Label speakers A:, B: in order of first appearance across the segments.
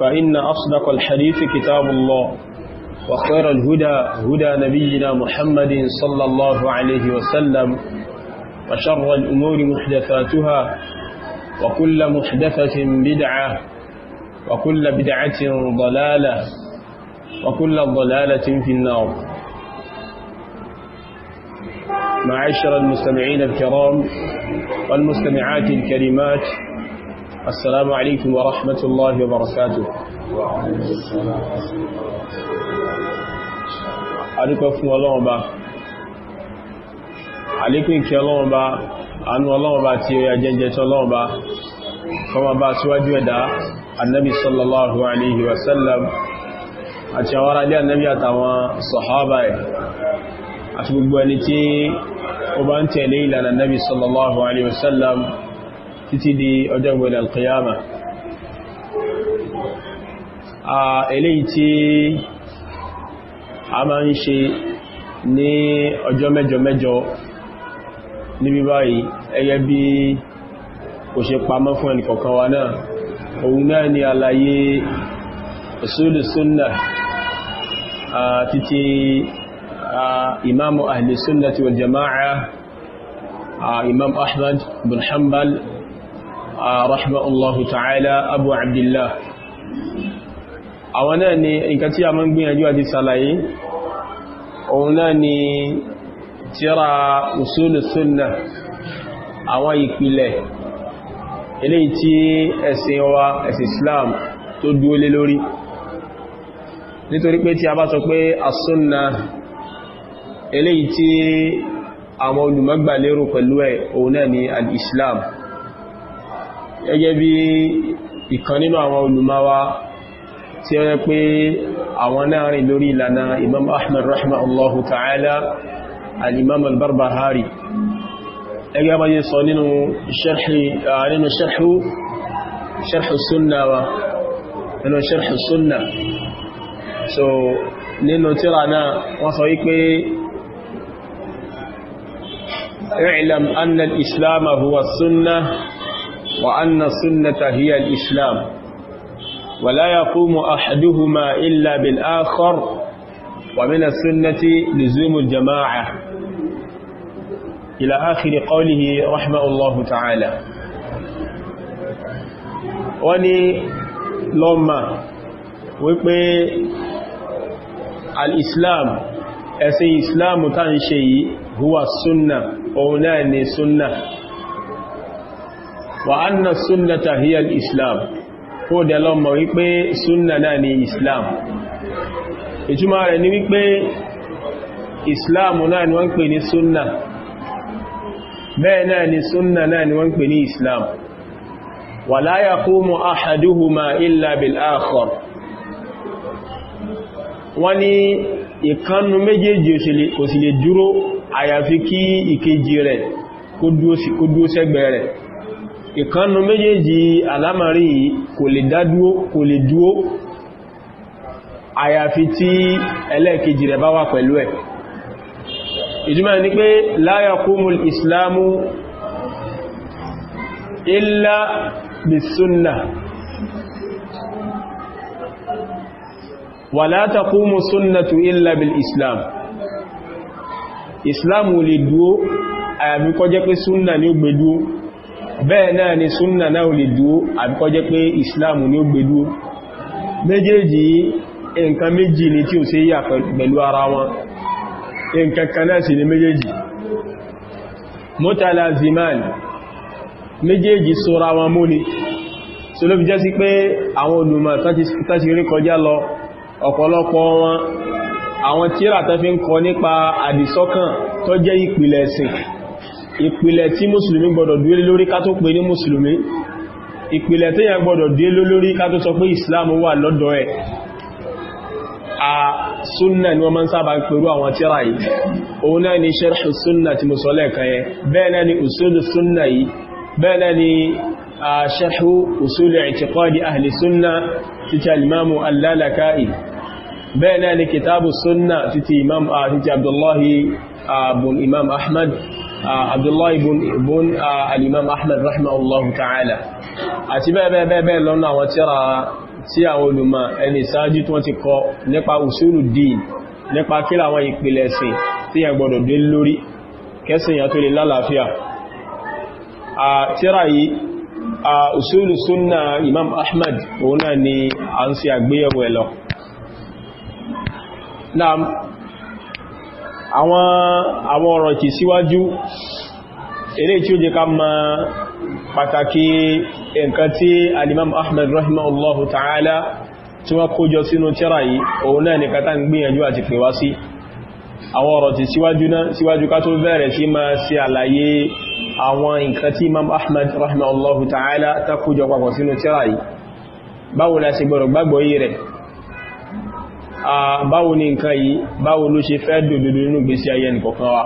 A: فإن أصدق الحديث كتاب الله وخير الهدى هدى نبينا محمد صلى الله عليه وسلم وشر الأمور محدثاتها وكل محدثة بدعة وكل بدعة ضلالة وكل ضلالة في النار معاشر المستمعين الكرام والمستمعات الكريمات السلام عليكم ورحمة الله وبركاته adúpẹ́ fún ọlọ́run bá àlékún ìkẹ́ ọlọ́run bá àánú ọlọ́run bá tí ó yà jẹ́jẹ́ tí ọlọ́run bá kọmọ bá síwájú ẹ̀dá annabi sallallahu alaihi wasallam àti àwọn aráalé annabi àtàwọn sọ̀hábà ẹ̀ àti gbogbo ẹni tí ó bá ń tẹ̀lé ìlànà annabi sallallahu alaihi wasallam títí di ọjọ́ ìgbẹ̀dẹ̀ alkiyama a eléyìí tí a máa ń ṣe ní ọjọ́ mẹ́jọ mẹ́jọ níbi báyìí ẹgẹ́ bí kò ṣe pamọ́ fún ẹnìkọ̀kan wa náà òun náà ni àlàyé usulu sunna títí imamu ahli sunnati wal jama'a imam ahmad bin hanbal رحمه الله تعالى أبو عبد الله àwọn náà ni nǹkan tí a mọ́ ń gbìyànjú àti sàlàyé òun náà ni tírà usulu sunna àwọn ìpìlẹ̀ eléyìí tí ẹ̀sìn wa ẹ̀sìn Islam tó dúó lé lórí nítorí pé tí a bá sọ pé as-sunna eléyìí tí àwọn olùmọ́gbà lérò pẹ̀lú ẹ̀ òun náà ni al-Islam gẹ́gẹ́ bí ìkan nínú àwọn olùmọ́wá tí ó yẹ pé àwọn náà rìn lórí ìlànà imam ahmad rahimahullahu ta'ala al-imam al-barbahari ẹgbẹ́ bá yẹ sọ nínú sharhu sunna so nínú tíra náà wọ́n sọ wípé اعلم أن الإسلام هو السنة وأن السنة هي الإسلام ولا يقوم أحدهما إلا بالآخر ومن السنة لزوم الجماعة إلى آخر قوله رحمه الله تعالى وني لما ويبقى الإسلام أسي إسلام تنشي هو السنة أو ناني سنة wà anna sunnata hiya islam ó dẹ̀ lọ mọ̀ wípé sunna náà ni islam ìtumọ̀ rẹ̀ ni wípé islam náà ni wọ́n pè ní sunna bẹ́ẹ̀ náà ni sunna náà ni wọ́n pè ní islam wà la yaqumu ahaduhuma illa bil akhar wọ́n ní ìkanu méjèèjì kò sì lè dúró àyàfi kí ìkejì rẹ̀ kó dúó sẹ́gbẹ̀ẹ́ rẹ̀ ìkanu méjèèjì alámarí kò lè dádúó kò lè dúó àyàfi tí ẹlẹ́ẹ̀kejì rẹ̀ bá wà pẹ̀lú ẹ̀ ìjúmọ̀ ní pé la yaqumul islamu illa bisunna wà la taqumu sunnatu illa bil islam lè dúó àyàfi kó pé sunna ni ó gbé bẹ́ẹ̀ náà ni súnnà náà lè dúó àbíkọ́ jẹ́ pé islam ni ó gbé dúó méjèèjì nǹkan méjì ni tí ó ṣe yà pẹ̀lú ara wọn nǹkan kan náà sì ni méjèèjì mọ́tàlá ziman méjèèjì sọ́ra wọn mú ni so ló fi jẹ́ sí pé àwọn olùmọ̀ tán ti rí kọjá ìpìlẹ̀ tí mùsùlùmí gbọdọ̀ dúró lórí ká tó pè ní mùsùlùmí ìpìlẹ̀ tí yẹn gbọdọ̀ dúró lórí ká tó sọ pé islam wà lọ́dọ̀ ẹ̀ a súnnà ni wọ́n máa ń sábà ń pèrú àwọn tíra yìí òun náà ni sharh súnnà tí mo sọ lẹ́ẹ̀kan yẹn bẹ́ẹ̀ náà ni usulu súnnà yìí abdullahi ibn alimam ahmed rahimahullahu ta'ala àti bẹ́ẹ̀bẹ́ẹ̀bẹ́ẹ̀ lọ́nà àwọn tírà tí àwọn olùmọ̀ ẹni ìsáájú tí wọ́n ti kọ nípa usulu din nípa kí àwọn ìpìlẹ̀ ẹ̀sìn tí yẹn gbọ́dọ̀ dé lórí kẹsìn yà tó lè lálàáfíà a tírà yìí a àwọn àwọn ọ̀rọ̀ ìtì síwájú eré tí ó jẹ ká ma pàtàkì nǹkan tí alimam ahmed rahimahullahu ta'ala tí wọ́n kójọ sínú tírà yìí òun náà ni kátà ń gbìyànjú àti pèwá sí àwọn ọ̀rọ̀ tí síwájú náà síwájú ká tó bẹ̀rẹ̀ sí máa ṣe àlàyé àwọn nǹkan tí imam ahmed rahimahullahu ta'ala tá kójọ papọ̀ sínú tírà yìí báwo la ṣe gbọ́dọ̀ gbàgbọ́ yìí rẹ̀ báwo ni nǹkan yìí báwo ló ṣe fẹ́ dòdòdó nínú gbésí ayé nìkọ̀kan wa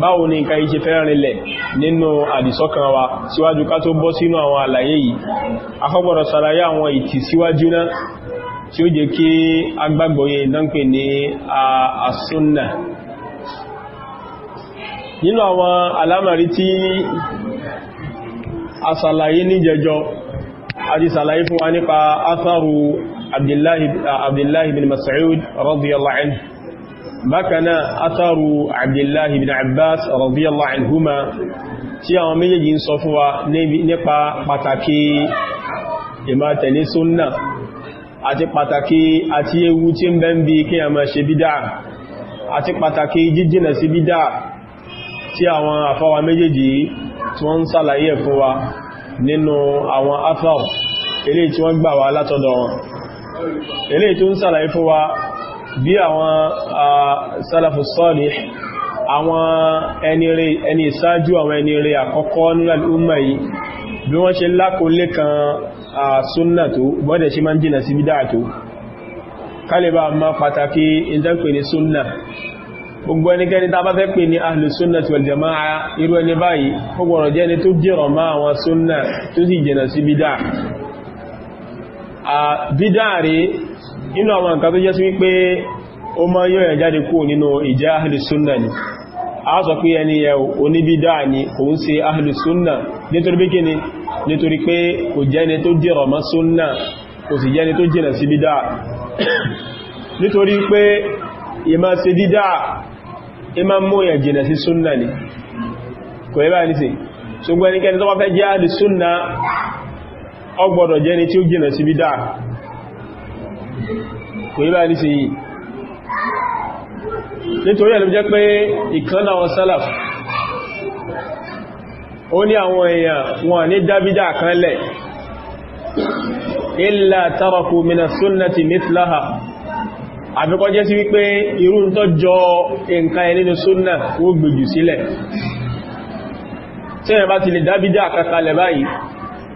A: báwo ni nǹkan yìí ṣe fẹ́ rinlẹ̀ nínú àdìsọ́kan wa síwájú ká tó bọ́ sínú àwọn àlàyé yìí afọ́gbọ̀rọ̀ sàlàyé àwọn ìtì síwájú náà tí ó jẹ́ kí agbágbọ̀yẹ ìdánpè ní àsúnnà nínú àwọn alámàrí tí a sàlàyé ní a ti sàlàyé fún wa nípa atharu Uh, abdullahi bin mas'ud radiyallahu anhu bákaná atharu abdullahi bin abbas radiyallahu anhuma tí àwọn méjèèjì ń sọ fún wa nípa pàtàkì ìmá tẹ̀lé súnnà àti pàtàkì àti ewu tí ń bẹ ń bí kí a máa ṣe bídá àti pàtàkì jíjìnà sí bídá tí àwọn àfáwà méjèèjì tí wọ́n ń sàlàyé fún wa nínú àwọn afáwà ilé tí wọ́n gbà wá látọ̀dọ̀ wọn eléyìí tó ń sàlàyé fún wa bí àwọn sálàfù salih àwọn ẹni ìsáájú àwọn ẹni rere àkọ́kọ́ nínú al-umma yìí bí wọ́n ṣe lákòólé kan súnnà tó bọ́dẹ̀ ṣe máa ń jìnà sí bídá tó kálẹ̀bá ma pàtàkì ìjẹ́pè ní súnnà gbogbo ẹnikẹ́ni tá bá fẹ́ pè ní ahlu súnnà wal jamaa irú ẹni báyìí ó gbọ́dọ̀ jẹ́ ẹni tó jẹ́rọ̀ máa àwọn bídáàrí inú àwọn nǹkan tó jẹ́ sí wípé ó mọ́ yóò yẹ jáde kú nínú ìjẹ́ ahìlùsúnnà ni a sọ pé ẹni yẹ oníbídá ni òun ṣe ahìlùsúnnà nítorí pé kíni nítorí pé kò jẹ́ni tó dìrọ̀ mọ́ súnnà kò sì jẹ́ni tó jìnà sí bídá nítorí pé ìmá ṣe bídá ìmá mú yẹ jìnà sí súnnà ni kò yẹ bá ní sí ṣùgbọ́n ẹnikẹ́ni tó wá fẹ́ jẹ́ ahìlùsúnnà ó gbọ́dọ̀ jẹ́ ni tí ó jìnà sí bídá kò yí bá ní sí yìí nítorí ẹ̀lú jẹ́ pé ìkànnà wọn sálàf ó ní àwọn èèyàn wọn ní dábídá kan lẹ̀ illa taraku mina sunnati mithlaha àfikọ́ jẹ́ sí wípé irú tó jọ nǹkan ẹ̀ nínú súnnà ó gbèjù sílẹ̀ tí ẹ̀ bá ti lè dábídá kankalẹ̀ báyìí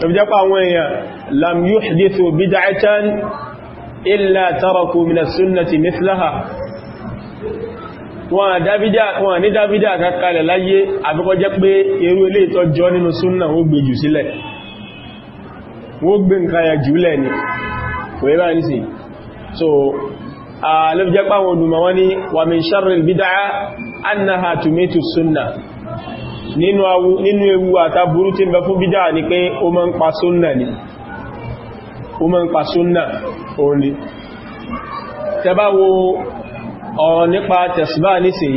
A: lọ́bìjápá àwọn èèyàn lam yuhdithu bid'atan illa taraku min as-sunnati mithlaha wọn ní dábídá àkàkalẹ̀ láyé àbíkọ́ jẹ́ pé irú ilé ìtọ́jọ́ nínú súnnà ó gbé jù sílẹ̀ wọ́n gbé nǹkan ya jùlẹ̀ ni kò yíba ní sí so a lọ́bìjápá àwọn olùmọ̀ wọ́n ni wa min sharril bid'a annaha nínú ewu àtàbúrú tí ń bẹ fún bídá ní pé ó máa ń pa súnnà ni ó máa ń pa súnnà òun ni tẹbá wo ọ̀rọ̀ nípa tẹ̀sùbá nísìn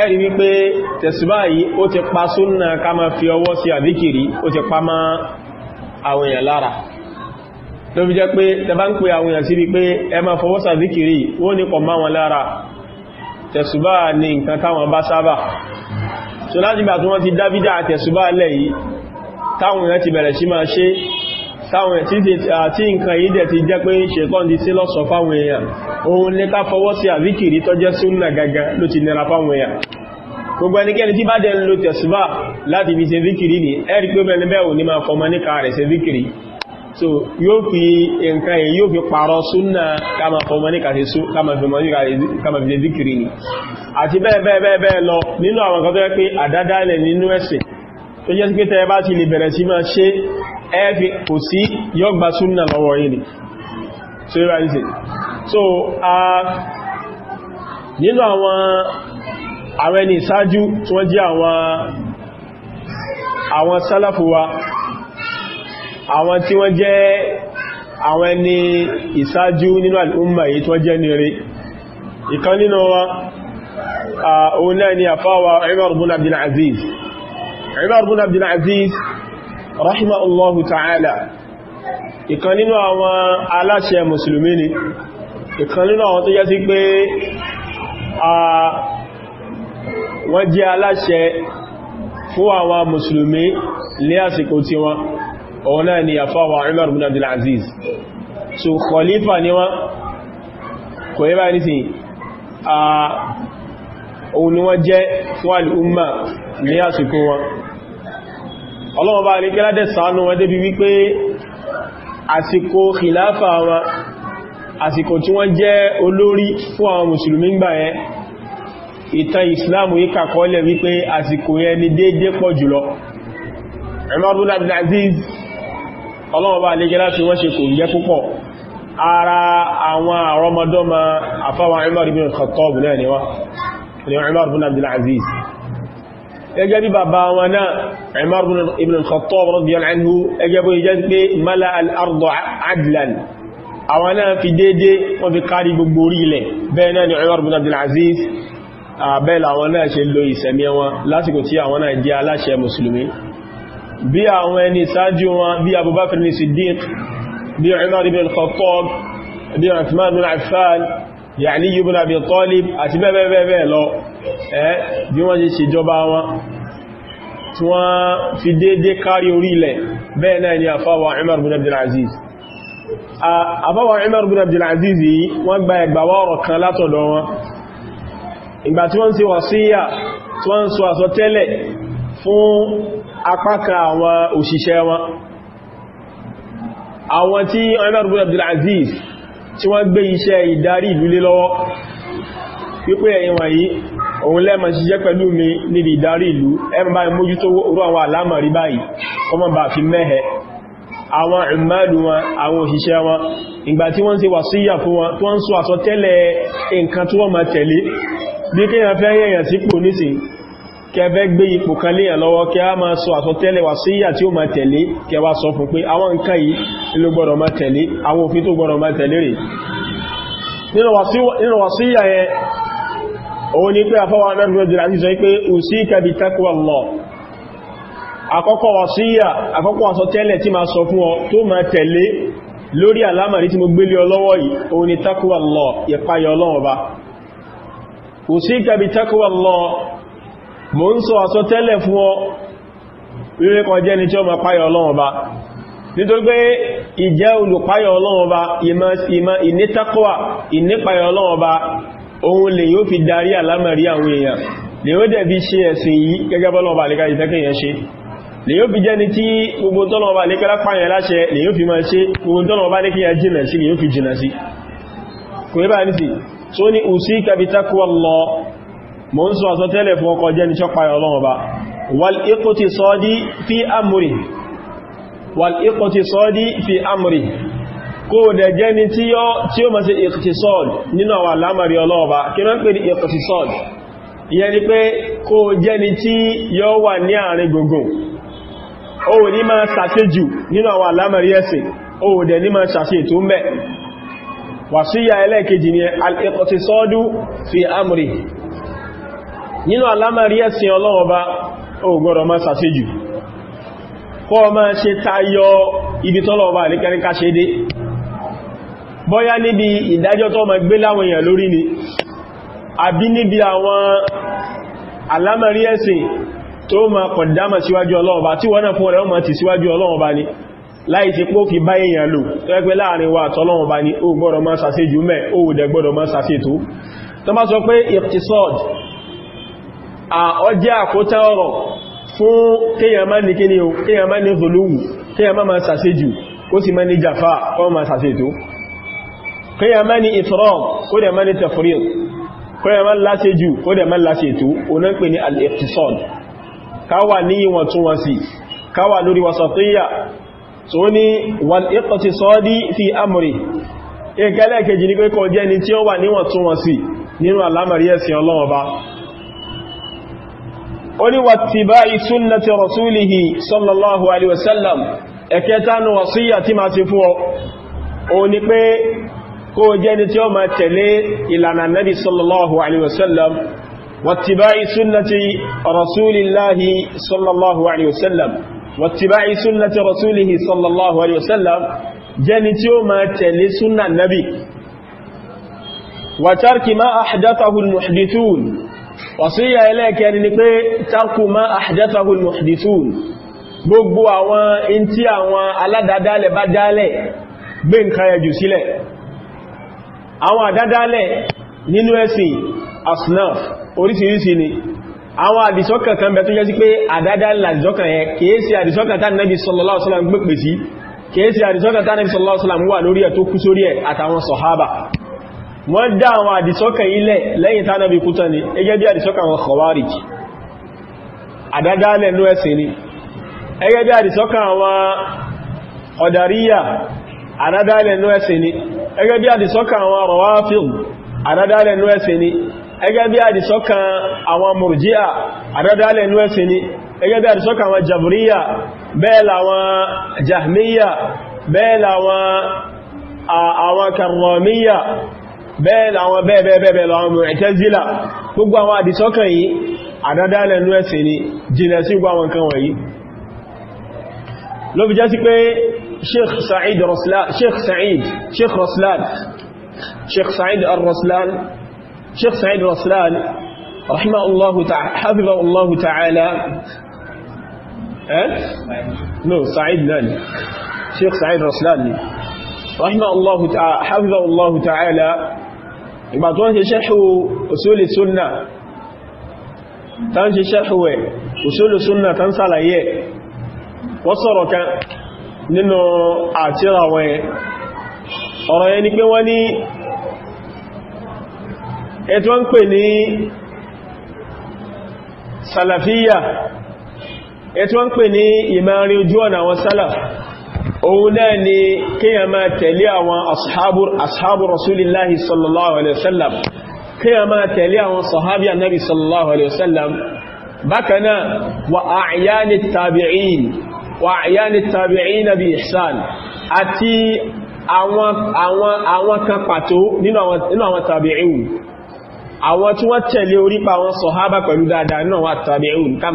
A: ẹ̀rí wípé tẹ̀sùbá yìí ó ti pa súnnà ká máa fi ọwọ́ sí àbíkìrí ó ti pa má àwọn èèyàn lára ló fi jẹ́ pé tẹbá ń pè àwọn èèyàn sí wípé ẹ máa lára tẹ̀sùbá ní nǹkan táwọn bá sábà so láti gbà tó wọ́n ti dávida àtẹ̀sùbá alẹ́ yìí táwọn èèyàn ti bẹ̀rẹ̀ sí máa ṣe táwọn tí nǹkan yìí dẹ̀ ti jẹ́ pé ṣèkọ́n di sí lọ́sọ̀ fáwọn èèyàn ohun lé ká fọwọ́ sí àvíkìrí tọ́jẹ́ súnnà gangan ló ti nira fáwọn èèyàn gbogbo ẹnikẹ́ni tí bá ni ẹ́rí pé bẹ́ẹ̀ ní bẹ́ẹ̀ ò ní so yóò fi nǹkan yìí yóò fi pààrọ̀ súnnà kama fọmọ́ní kàfẹ́ zikiri ni àti bẹ́ẹ̀bẹ́ẹ̀bẹ́ẹ̀ lọ nínú àwọn kan tó yẹ pé àdádálẹ̀ nínú ẹ̀sìn tó jẹ́ sí pé tẹ́ẹ bá ti lè bẹ̀rẹ̀ sí máa ṣe ẹ́ẹ̀fì kò sí yọ́gbà súnnà lọ́wọ́ yìí so yíra ìsìn so nínú àwọn àwọn ẹni ìsájú tí wọ́n jẹ́ àwọn sálàfù wa àwọn tí wọ́n jẹ́ àwọn ẹni ìsájú nínú al'umma yìí tó jẹ́ nire ìkan nínú wa òun náà ni àfáwà Umar ibn Abdul Aziz Umar ibn Abdul Aziz rahimahullahu ta'ala ìkan nínú àwọn aláṣẹ mùsùlùmí ni ìkan nínú àwọn tó yẹ sí pé wọ́n jẹ́ aláṣẹ fún àwọn mùsùlùmí ní àsìkò tiwọn òun náà ni àfáwà Umar bin Abdul Aziz so khalifa ni wọ́n kò yẹ báyìí sí a òun ni wọ́n jẹ́ fún al'umma ní àsìkò wọn ọlọ́wọ́ bá rí kẹ́lá dẹ̀sánú wọn débi wípé àsìkò khilafa wọn àsìkò tí wọ́n jẹ́ olórí fún àwọn mùsùlùmí gbà yẹn ìtàn ìsìláàmù yí kàkọọ́lẹ̀ wípé àsìkò yẹn ni déédé pọ̀ jùlọ Umar bin ọlọ́wọ́ bá lè gẹ́ láti wọ́n ṣe kò ń gẹ́ púpọ̀ ara àwọn àrọmọdọ́mọ àfáwọn Umar ibn Khattab náà ni wọ́n ni Umar ibn Abdul Aziz gẹ́gẹ́ bí bàbá wọn náà Umar ibn Khattab radiyallahu anhu gẹ́gẹ́ bó jẹ́ pé mala al-ardu adlan àwọn náà fi dédé wọ́n fi kárí gbogbo orí ilẹ̀ bí àwọn ẹni sáájú wọn bí Abubakar ní Siddiq bí Umar ibn al-Khattab bí Uthman ibn Affan bí Ali ibn Abi Talib àti bẹ́ẹ̀bẹ́ẹ̀ lọ ẹ́ bí wọ́n ṣe ṣèjọba wọn tí wọ́n fi déédé kárí orí ilẹ̀ bẹ́ẹ̀ náà ni àfáwà Umar ibn Abdul Aziz àfáwà Umar ibn Abdul apákan àwọn òṣìṣẹ́ wọn àwọn tí Umar ibn Abdul Aziz tí wọ́n gbé iṣẹ́ ìdarí ìlú lé lọ́wọ́ wípé ẹ̀yin wọ̀nyí òun lẹ́mọ̀ ṣiṣẹ́ pẹ̀lú mi níbi ìdarí ìlú ẹmọ báyìí mójútó orú àwọn àlámọ̀ rí báyìí ọmọ bá fi mẹ́hẹ àwọn ìmọ̀lù wọn àwọn òṣìṣẹ́ wọn ìgbà wọ́n ṣe wàsíyà fún kẹfẹ́ gbé ipò kan léyàn lọ́wọ́ kẹ a máa sọ àsọtẹ́lẹ̀ wà sí ìyà tí ó máa tẹ̀lé kẹwàá sọ fún pé àwọn nǹkan yìí ló gbọ́dọ̀ máa tẹ̀lé àwọn òfin tó gbọ́dọ̀ máa tẹ̀lé rẹ̀ nínú wà sí ìyà òun ni pé afọ́wà mẹ́rùn-ún àti sọ pé òsì kẹbi taqwa Allah àkọ́kọ́ wà sí ìyà àkọ́kọ́ àsọtẹ́lẹ̀ tí máa sọ fún ọ tó máa tẹ̀lé lórí Allah ìpayọ ba òsì kẹbi taqwa Allah mo ń sọ àsọ tẹ́lẹ̀ fún ọ wíwé kan jẹ́ ni tí ó ma páyọ ọlọ́run ba nítorí pé ìjẹ́ olùpáyọ ọlọ́run ba ìmọ̀ ìnítàkọ́wà ìnípáyọ ọlọ́run ba ohun lè yóò fi darí àlámẹ̀rí àwọn èèyàn lè yóò dẹ̀ fi ṣe ẹ̀sìn yìí gẹ́gẹ́ bọ́lọ́ọ̀bà lè káyìí tẹ́kẹ̀ yẹn ṣe lè yóò fi jẹ́ ni tí gbogbo tọ́lọ̀ọ̀bà lè kẹ́lá pààyàn láṣẹ lè yóò fi máa ṣe gbogbo tọ́lọ̀ọ̀bà lè kíyà jìnà sí lè yóò fi jìnà sí kò yẹ́ bá ní mo ń sọ àsọ tẹ́lẹ̀ fún ọkọ̀ jẹ́ ní ṣọ́pàá ọlọ́run ba wal iqti sọ́dí fi amri wal iqti sọ́dí fi amri kó dẹ̀ jẹ́ ní tí ó máa ṣe iqtisad nínú àwọn alámàrí ọlọ́run ba kí mẹ́ pè ní iqtisad ìyẹn ni pé kó jẹ́ ní tí yóò wà ní fi amri nínú alámàrí ẹ̀sìn ọlọ́run ọba ó gbọ́dọ̀ máa sàṣejù kọ́ ma ṣe tayọ ibi tọ́lọ̀ ọba àríkẹ́ríká ṣe dé bọ́yá níbi ìdájọ́ tó ma gbé láwọn èèyàn lórí ni àbí níbi àwọn alámàrí ẹ̀sìn tó ma kọ̀dámà síwájú ọlọ́run ọba tí wọ́n náà fún ọ̀rẹ́ ọmọ ti síwájú ọlọ́run ọba ni láì ti pó fi bá èèyàn lò tẹ́gbẹ́ láàrin wa àtọ́lọ́run ọba ni ó gbọ́dọ̀ máa sàṣejù mẹ́ ó dẹ̀ gbọ́dọ̀ máa sàṣètò tó bá sọ pé iqtisad ọjẹ́ àkótán ọ̀rọ̀ fún kíyàn má ní kíní o kíyàn má ní zolówù kíyàn má ma sàṣejù ó sì má ní jàfà kọ́ ma sàṣètò kíyàn má ní ìtọ́rọ̀ kó dẹ̀ má ní tẹ̀fúrí kíyàn má láṣejù kó dẹ̀ má láṣètò tó ní amri ìkẹ́lẹ̀ kejì ní pé kọjẹ́ ni tí ó wà níwọ̀ntúnwọ̀nsì nínú àlámàrí ẹ̀sìn Ọlọ́run Ọba ó ní wattiba'i sunnati rasulihi sallallahu alaihi wasallam ẹ̀kẹta nù wàsíyà tí ma ti fún ọ ó ní pé kó jẹ́ ni tí ó ma tẹ̀lé ìlànà nabi sallallahu alaihi wasallam wattiba'i sunnati rasulillahi sallallahu alaihi wasallam wattiba'i sunnati rasulihi sallallahu alaihi wasallam jẹ́ ni tí ó ma tẹ̀lé sunna nabi wa tarki ma muhdithun wàsíyà ẹlẹ́ẹ̀kẹ́ni ni pé tarku ma ahdathahu al-muhdithun gbogbo àwọn in tí àwọn aládádálẹ̀ bá dálẹ̀ gbé nǹkan ẹjù sílẹ̀ àwọn àdádálẹ̀ nínú ẹ̀sìn asnaf orísìírísìí ni àwọn àdìsọ́kàn kan bẹ̀ tó jẹ́ sí pé àdádálẹ̀ àdìsọ́kàn wọ́n dá àwọn àdìsọ́kàn ilẹ̀ lẹ́yìn tánàbí kútọ́ ni ẹgẹ́ bí àdìsọ́kàn àwọn khawarij àdádálẹ̀ ní ẹ̀sìn ni ẹgẹ́ bí àdìsọ́kàn àwọn ọ̀dàríyà àdádálẹ̀ ní ẹ̀sìn ni ẹgẹ́ bí àdìsọ́kàn àwọn rawafid àdádálẹ̀ ní ẹ̀sìn ni ẹgẹ́ bí àdìsọ́kàn àwọn murji'a àdádálẹ̀ ní ẹ̀sìn ni ẹgẹ́ bí àdìsọ́kàn àwọn jabríyà àwọn karramiyya bẹ́ẹ̀ làwọn bẹ́ẹ̀bẹ́ẹ̀bẹ́ẹ̀ lọ àwọn ẹ̀tẹ́zílà gbogbo àwọn àdìsọ́kàn yìí àdádálẹ̀ ní ẹ̀sìn ni jìnà sí gbogbo àwọn kan wọ̀nyí ló fi jẹ́ sí pé Sheikh Sa'id Raslan Sheikh Sa'id Sheikh Raslan Sheikh Sa'id Raslan Sheikh Sa'id Raslan rahimahullahu ta'ala hafizahullahu ta'ala eh no Sa'id nan Sheikh Sa'id Raslan rahimahullahu ta'ala hafizahullahu ta'ala ìgbà tó ń ṣe ṣẹ́ṣù òṣèlè súnnà tán ṣe ṣẹ́ṣù ẹ̀ òṣèlè súnnà tán sàlàyé wọ́n sọ̀rọ̀ kan nínú àtírà wọn ọ̀rọ̀ yẹn ni pé wọ́n ní ẹ̀tọ́ ń pè ní sàlàfíyà ẹ̀tọ́ ń pè ní ìmẹ́rin ojú ọ̀nà àwọn sálàfí òun náà ni kíyà máa tẹ̀lé àwọn ashabu rasulillahi sallallahu alaihi wasallam kíyà máa tẹ̀lé àwọn sahabi annabi sallallahu alaihi wasallam bákanáà wa àyáni tabi'in wa àyáni tabi'in bi ihsan àti àwọn àwọn àwọn kan pàtó nínú àwọn tabi'in àwọn tí wọ́n tẹ̀lé orípa àwọn sahaba pẹ̀lú dáadáa nínú àwọn tabi'in ká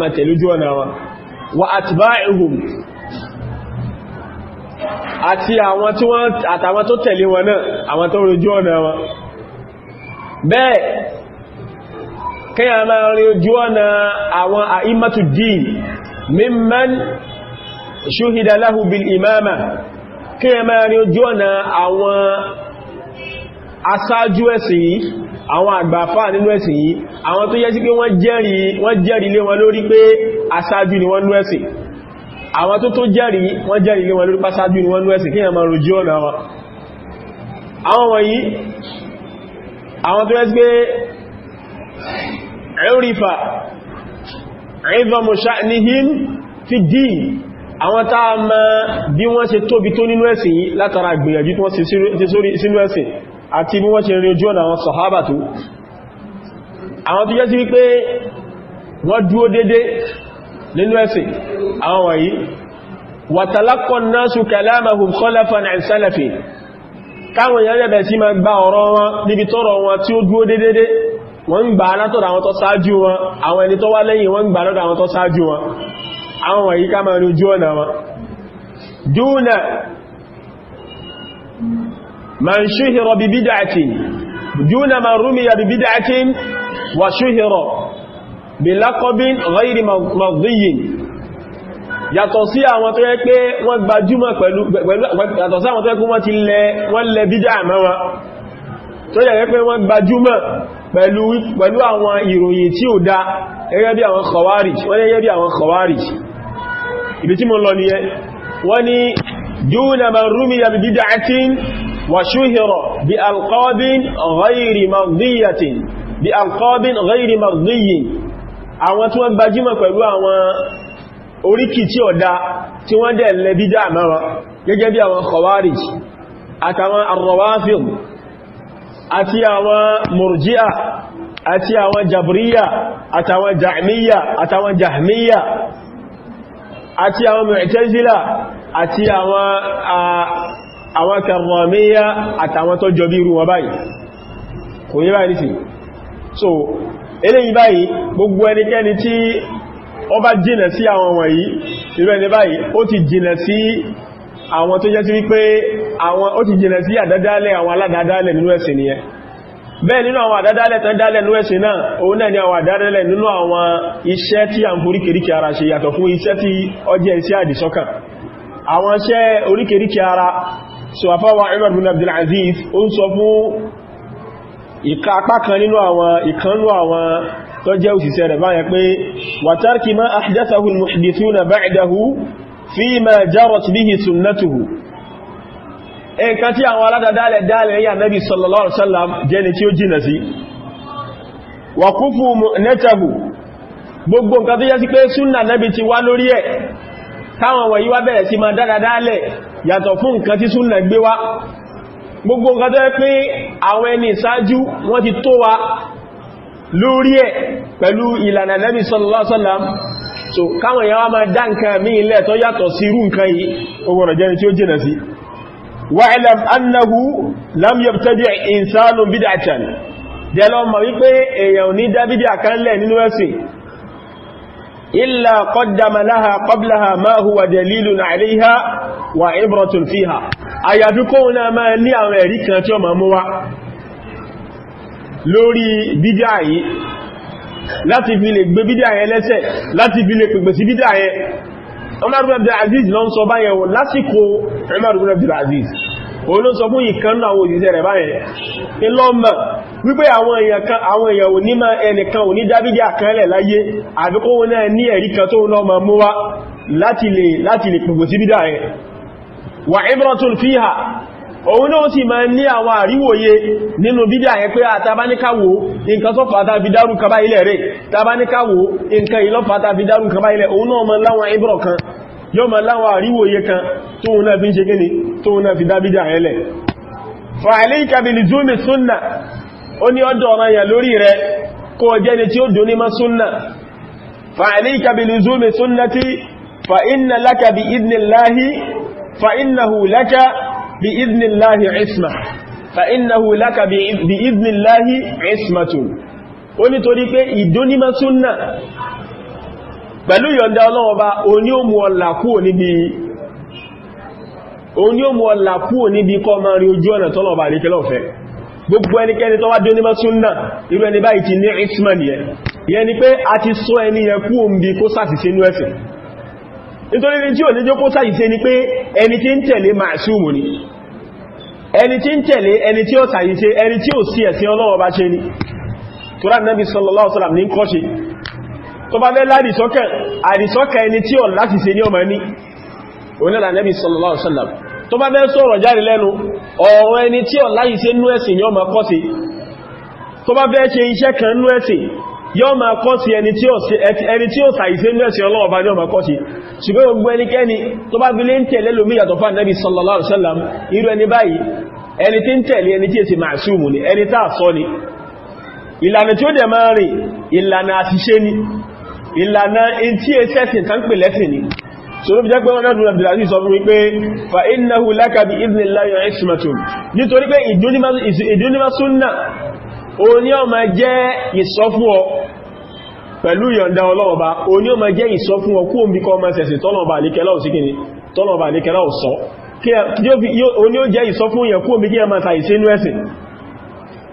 A: àti àwọn tí wọ́n àtàwọn tó tẹ̀lé wọn náà àwọn tó rojú ọ̀nà wọn bẹ́ẹ̀ kíyà máa rojú ọ̀nà àwọn àìmọ́tù dìí mímọ́n ṣúhìdáláhù bil imama kíyà máa rojú ọ̀nà àwọn asájú ẹ̀sìn yìí àwọn àgbàfà nínú ẹ̀sìn yìí àwọn tó yẹ sí pé wọ́n jẹ́rìí lé wọn lórí pé asájú ni wọ́n nú ẹ̀sìn àwọn tó tó jẹ́rìí wọ́n jẹ́rìí lé wọn lórí pásájú ni wọ́n ní ẹ̀sìn kí ẹ̀mà rojú ọ̀nà wọn àwọn wọ̀nyí àwọn tó ẹ́sì pé ẹ̀rífà ẹ̀rífàmọ̀ṣà ní him fi dì àwọn táa mọ̀ bí wọ́n ṣe tóbi tó nínú ẹ̀sìn yìí látara gbìyànjú tó wọ́n ṣe sínú ẹ̀sìn dédé nínú ẹ̀sìn àwọn wọ̀nyí wàtàlákọ̀ náàsù kalamahum khalafan an salafi káwọn èèyàn rẹ̀ sí ma gba ọ̀rọ̀ wọn níbi tọ́rọ wọn tí ó dúó dédédé wọ́n ń gbà látọ̀dọ̀ àwọn tó sáájú wọn àwọn ẹni tó wá lẹ́yìn wọ́n bí lákọ́bín ghairi mọ̀díyìn yàtọ̀ sí àwọn tó yẹ pé wọ́n gbajúmọ̀ pẹ̀lú yàtọ̀ sí àwọn tó yẹ pé wọ́n ti lẹ wọ́n lẹ bídá àmọ́wà tó yẹ pé wọ́n gbajúmọ̀ pẹ̀lú àwọn ìròyìn tí ó dá gẹ́gẹ́ bí àwọn khawarij wọ́n gẹ́gẹ́ bí àwọn khawarij ibi tí mo lọ nìyẹn wọ́n ni dúnà man rúmìyà bí àwọn tí wọ́n gbajúmọ̀ pẹ̀lú àwọn oríkì tí ọ̀dá tí wọ́n dẹ̀ lẹ́bí dá àmọ́ra gẹ́gẹ́ bí àwọn khawarij àtàwọn arrawafil àti àwọn murji'a àti àwọn jabriya àtàwọn ja'miya àtàwọn jahmiya àti àwọn mu'tazila àti àwọn àwọn karramiya àtàwọn tó jọ bí irú wọn báyìí so eléyìí báyìí gbogbo ẹnikẹ́ni tí ó bá jìnà sí àwọn wọ̀nyí irú ẹni báyìí ó ti jìnà sí àwọn tó jẹ́ sí wípé àwọn ó ti jìnà sí àdádálẹ̀ àwọn aládádálẹ̀ nínú ẹ̀sìn nìyẹn bẹ́ẹ̀ nínú àwọn àdádálẹ̀ tán dálẹ̀ nínú ẹ̀sìn náà òun náà ni àwọn àdádálẹ̀ nínú àwọn iṣẹ́ tí a ń borí kèríkì ara ṣe yàtọ̀ fún iṣẹ́ tí ó iṣẹ́ àdìsọ́kàn àwọn iṣẹ́ oríkèríkì ara so àfáwà Umar bin Abdul Aziz ó ń sọ fún ìka apá kan nínú àwọn ìkanlú àwọn tó jẹ́ òṣìṣẹ́ rẹ̀ báyẹn pé wàtàrkì ma ahdathahu al-muhdithuna ba'dahu fima jarat bihi sunnatuhu nǹkan tí àwọn aládàdálẹ̀ dálẹ̀ yà nabi sallallahu alaihi wasallam jẹ́ ni tí ó jìnà sí wà kú fún nẹ́tàbù gbogbo nǹkan tó yẹ sí pé súnà nabi ti gbogbo nǹkan tó yẹ pé àwọn ẹni ìsáájú wọ́n ti tó wa lórí ẹ̀ pẹ̀lú ìlànà Nabi sallallahu so káwọn èèyàn wá máa dá nǹkan mí ilẹ̀ tó yàtọ̀ sí irú nǹkan yìí lam yabtadi' insanun bid'atan jẹ́lọ mọ̀ wípé èèyàn ní dá bídí àkánlẹ̀ nínú ẹ̀sìn إلا قدم لها قبلها ما هو دليل عليها وعبرة فيها أيابكونا ما لي أمريكا تيوم أموا lórí bídá yìí láti fi lè gbé bídá yẹn lẹ́sẹ̀ láti fi lè pègbè sí bídá yẹn Umar ibn Aziz ló sọ báyẹ̀wò lásìkò Umar Aziz olóòsọ fún ìkan náà òjìṣẹ́ rẹ̀ báyẹ̀ ilọ́mà wípé àwọn èèyàn ò ní ma ẹnìkan ò ní dábídí àkànlẹ̀ láyé àbíkówó náà ní ẹ̀rí kan tó lọ ma múwá láti lè láti lè pùgbò sí bídá rẹ̀ wà ibratun fiha òun náà sì ma ní àwọn àríwòye nínú bídá yẹn pé àtàbáníkàwò ah, nǹkan tó fàtà fi dárú kaba ilẹ̀ rẹ̀ tàbáníkàwò nǹkan ìlọ́fàtà fi dárú kaba yóò ma láwọn àríwòye kan tóun náà fi ń ṣe gíní tóun náà fi dábídà ẹlẹ̀ fàílẹ̀ ìkàbìlì zoomi súnnà ó ní ọdọ̀ ọ̀rọ̀ yà lórí rẹ kó jẹ́ ni tí ó dùn ní ma súnnà fàílẹ̀ ìkàbìlì zoomi súnnà tí fa'inna laka bi idnillahi súnnà pẹ̀lú yọ̀ǹda ọlọ́ọba òní ó mú ọlà kúò níbi kọ́ ma rí ojú ọ̀nà tọ́lọ̀ọba àríkẹ́lọ́fẹ́ gbogbo ẹnikẹ́ni tó wá dé onímọ̀ súnnà irú ẹni báyìí ti ní isman yẹ yẹ ni pé a ti sọ ẹni yẹ kú òmìnbí kó sàtìsẹ́ inú ẹ̀sìn nítorí ní tí ò ní jẹ́ kó sàtìsẹ́ ni pé ẹni tí ń tẹ̀lé màásùmù ni ẹni tí ń tẹ̀lé ẹni tí ó sàyíṣẹ́ ẹni tí ó sí ẹ̀sìn ọlọ́ọba ṣe ni torá nàbí sallallahu alaihi tó bá bẹ́ ládìsọ́kẹ̀ àdìsọ́kẹ̀ ẹni tí ọ̀ láti ṣe ní ọmọ ẹni onílà nẹ́bí sallallahu alaihi wasallam tó bá bẹ́ sọ̀rọ̀ járe lẹ́nu ọ̀rọ̀ ẹni tí ọ̀ láti ṣe nú ẹ̀sìn yọ́ ma kọ́ sí tó bá bẹ́ ṣe iṣẹ́ kan nú ẹ̀sìn sallallahu alaihi wasallam irú ẹni báyìí ẹni tí ń tẹ̀lé ẹni tí ìlànà tí ó dẹ̀ máa rìn ìlànà àṣìṣe ni ìlànà tí è sẹ́sìn tán pè lẹ́sìn ni sọ́rọ̀ bí jẹ́ pé wọ́n rẹ̀ bìlá sí sọ fún wípé fa iná hù lákàbí ìdínláyọ̀ ẹ̀ṣùmọ̀tún nítorí pé ìdúnímásúnnà o ní ó máa jẹ́ ìsọfún ọ pẹ̀lú yọ̀nda ọlọ́ọ̀ba o ní ó máa jẹ́ ìsọfún ọ kú omi kọ ọmọ sẹ̀sìn tọ́lọ̀ọ̀bà ní kẹlọ́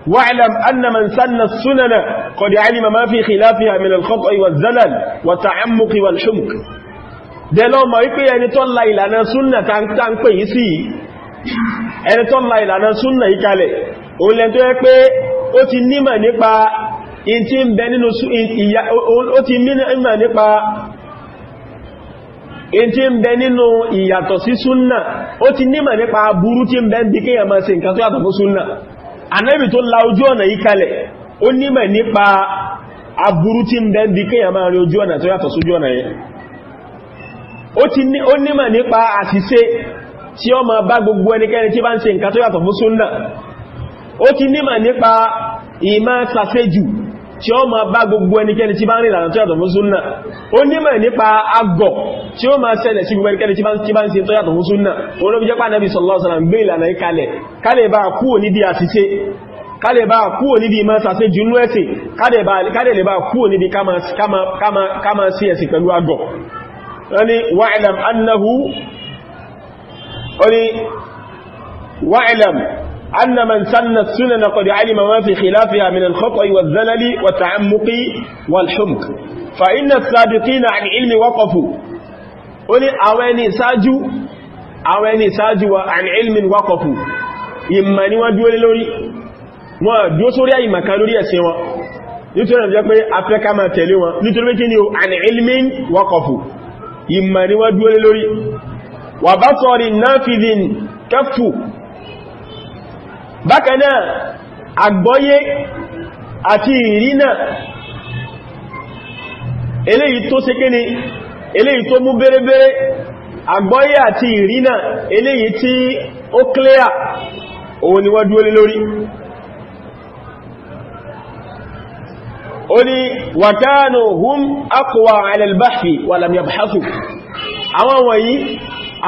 A: واعلم أن من سن السنن قد علم ما في خلافها من الخطأ والزلل والتعمق والحمق dẹ̀lọ́ ma wípé ẹni tó la ìlànà súnnà ta ń pè yí sí ẹni tó la ìlànà súnnà yí kalẹ̀ òun lẹ́n tó yẹ pé ó ti nímọ̀ nípa in tí ń bẹ nínú ó ti nímọ̀ nípa in tí ń bẹ nínú ìyàtọ̀ sí súnnà ó ti nímọ̀ nípa burú tí ń bẹ ń bí kéèyàn máa ṣe nǹkan tó yàtọ̀ fún súnnà anẹ́bì tó la ojú ọ̀nà yí kalẹ̀ ó nímọ̀ nípa aburú tí ń bẹ́ bí kíyàn máa rí ojú ọ̀nà tó yàtọ̀ sójú ọ̀nà yẹn ó nímọ̀ nípa àṣìṣe tí ó ma bá gbogbo ẹnikẹ́ni tí bá ń ṣe nǹkan tó yàtọ̀ fún súnnà ó ti nímọ̀ nípa ìmá sàṣẹ́jù tí ó ma bá gbogbo ẹnikẹ́ni tí bá ń rìn lànà tí yàtọ̀ fún súnnà ó nímọ̀ nípa agọ̀ tí ó ma ṣẹlẹ̀ sí gbogbo ẹnikẹ́ni tí bá ń ṣe tó yàtọ̀ fún súnnà olóbi jẹ́pá nẹ́bí sallallahu alaihi wasallam gbé ìlànà ìkalẹ̀ kálẹ̀ bá kúò níbi àṣìṣe kálẹ̀ bá kúò níbi ìmọ̀ sàṣe jùnú ẹ̀sìn kálẹ̀ lè wa'lam أن من سن السنن قد علم ما في خلافها من الخطأ والزلل والتعمق والحمق فإن السابقين عن علم وقفوا قل أواني ساجوا أواني ساجوا عن علم وقفوا إما نواجوا للوري wọ́n sórí àyìmà kan lórí ẹ̀sìn wọn nítorí ẹ̀jẹ́ pé afẹ́ká máa tẹ̀lé wọn nítorí pé kí ni o an ilmin waqafu ìmà bákan náà àgbọ́yé àti ìrìnà eléyìí tó ṣe kíni eléyìí tó mú bèrèbèrè àgbọ́yé àti ìrìnà eléyìí tí ó clear òun ni wọ́n dúó lé lórí ó ní wàkánù hum aqwa ala al-bahthi wa àwọn wọ̀nyí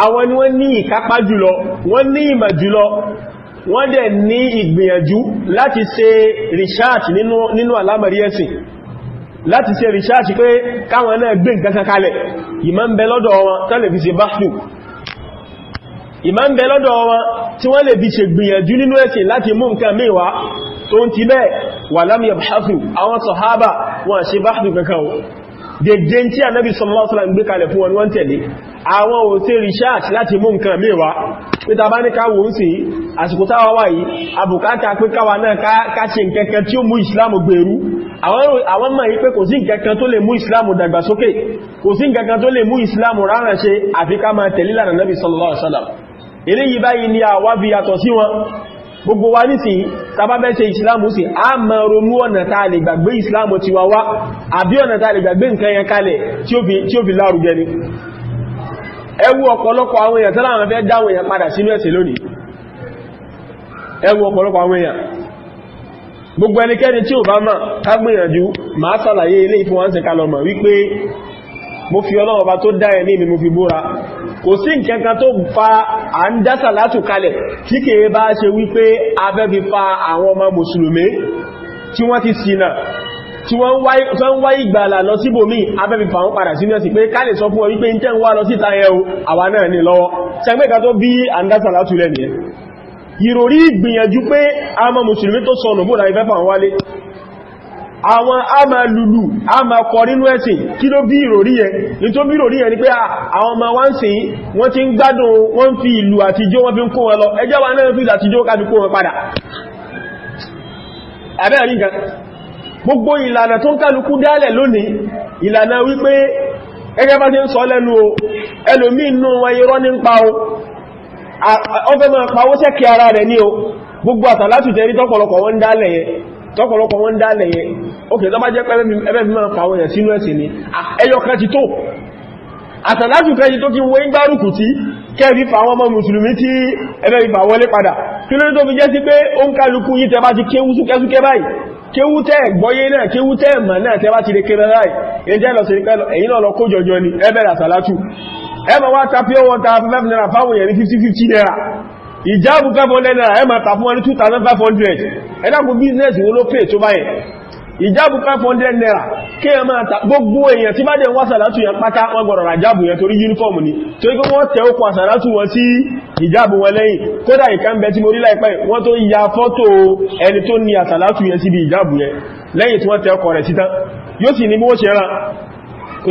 A: àwọn ni wọ́n ní ìkápá jùlọ wọ́n ní ìmọ̀ jùlọ wọ́n dẹ̀ ní ìgbìyànjú láti ṣe research nínú àlámọ̀rí ẹ̀sìn láti ṣe research pé káwọn náà gbé nǹkan kalẹ̀ ìmọ̀ ń bẹ lọ́dọ̀ wọn tán lè fi ṣe báṣù ìmọ̀ ń bẹ lọ́dọ̀ wọn tí wọ́n lè fi ṣe gbìyànjú nínú ẹ̀sìn láti mú nǹkan mẹ́wàá tó ń ti bẹ́ẹ̀ wà lámìyàn báṣù àwọn sọ̀hábà wọn ṣe báṣù kankan dèdè tí ànábì sallallahu alaihi wasallam gbé kalẹ̀ fún wọn wọ́n tẹ̀lé àwọn ò ṣe research láti mú nǹkan mẹ́wàá pẹ́ta bá ní káwò ń sí àsìkò táwa wà yìí àbùkátà pé káwa náà ká ṣe nǹkankan tí ó mú ìsìláàmù gbèrú àwọn mọ̀ yí pé kò sí nǹkankan tó lè mú ìsìláàmù dàgbàsókè kò sí nǹkankan tó lè mú ìsìláàmù rárán àfi ká máa tẹ̀lé ìlànà Nábì sallallahu alaihi wasallam eléyìí báyìí ni àwa fi yàtọ̀ sí wọn gbogbo wa ní sí tàbábẹ́ ṣe ìsìláàmù sí a mọ̀ ronú ọ̀nà tá a lè gbàgbé ẹ wo ọ̀pọ̀lọpọ̀ àwọn èèyàn tẹ́lá àwọn fẹ́ dáwọn èèyàn padà sínú ẹ̀sìn lónìí ẹ wo ọ̀pọ̀lọpọ̀ àwọn èèyàn gbogbo ẹnikẹ́ni tí ò bá máa kágbìyànjú máa sàlàyé ilé ìfún wọn sí kalọ̀mọ̀ wípé mo fi ọlọ́wọ́ bá tó dá ẹ̀mí mi mo fi búra kò sí nǹkankan tó fa tí wọ́n ń wá ìgbàlà lọ síbò mí abẹ́bí fàún padà sí ní ọ̀sìn pé ká lè sọ fún ọ wípé ń tẹ́ ń wá lọ síta ẹ̀ o àwa náà ní lọ́wọ́ sẹ́gbẹ́ka tó bí àndásà látúlẹ̀ nìyẹn ìròrí ìgbìyànjú pé àmọ́ mùsùlùmí tó sọnù bó láì fẹ́fà wálé àwọn a ma lùlù kọ nínú ẹ̀sìn kí ló bí ìròrí yẹn ní tó bí ìròrí yẹn ni pé ah, àwọn ọmọ wọ́n sì wọ́n ti ń gbádùn wọ́n fi ìlú àtijọ́ wọ́n fi ń kó wọn lọ ẹjọ́ wa náà fi ìlú àtijọ́ kájú kó wọn padà gbogbo ìlànà tó ń kálukú dálẹ̀ lónìí ìlànà wípé ẹgẹ́ bá ti ń sọ lẹ́nu o ẹlòmí inú wọn irọ́ ní ń pa o ọfẹ́ máa pàwó sẹ́kì ara rẹ̀ ní o gbogbo àtàlátù jẹ́ rí tọ́pọ̀lọpọ̀ wọn dálẹ̀ yẹ tọ́pọ̀lọpọ̀ wọn dálẹ̀ yẹ ókè tó bá jẹ́ pẹ́ ẹbẹ́ fi máa pàwó yẹ sínú ẹ̀sìn ni ẹyọ kan ti tó àtàlátù kan ti tó kí wọ́n gbárùkù tí lórí tó fi jẹ́ sí pé ó ń kálukú yí tẹ bá ti kéwú súkẹ́súkẹ́ báyìí kéwútẹ́ gbọ́yé náà kéwútẹ́ mọ̀ náà tẹ́ bá ti lè kéré ráì ẹjẹ́ lọ sí pẹ́lọ ẹ̀yìn lọ kó jọjọ ní ẹbẹ̀rẹ̀ àsàlátù ẹmọ wá ta pure water five naira fáwọn èèyàn ní 50-50 naira ìjáàbù 500 naira ẹmọ tàfún wọn ní 2500 ẹ̀dàkùn business wo ló pè tó báyìí ìjábù ká fún 100 naira kí ẹ máa ta gbogbo èèyàn tí bá dẹ̀ wọ́n sàlátù yẹn pátá wọ́n gbọ́dọ̀ rajábù yẹn torí uniform ni tó ikú wọ́n tẹ́ okùn àsàlátù wọn sí ìjábù wọn lẹ́yìn kódà ìkẹ́mbẹ̀ tí mo rí láìpẹ́ wọ́n tó ya fọ́tò ẹni tó ní àsàlátù yẹn síbi ìjábù yẹn lẹ́yìn tí wọ́n tẹ́ ọkọ̀ rẹ̀ síta yóò sì ní bí wọ́n ṣe rán kò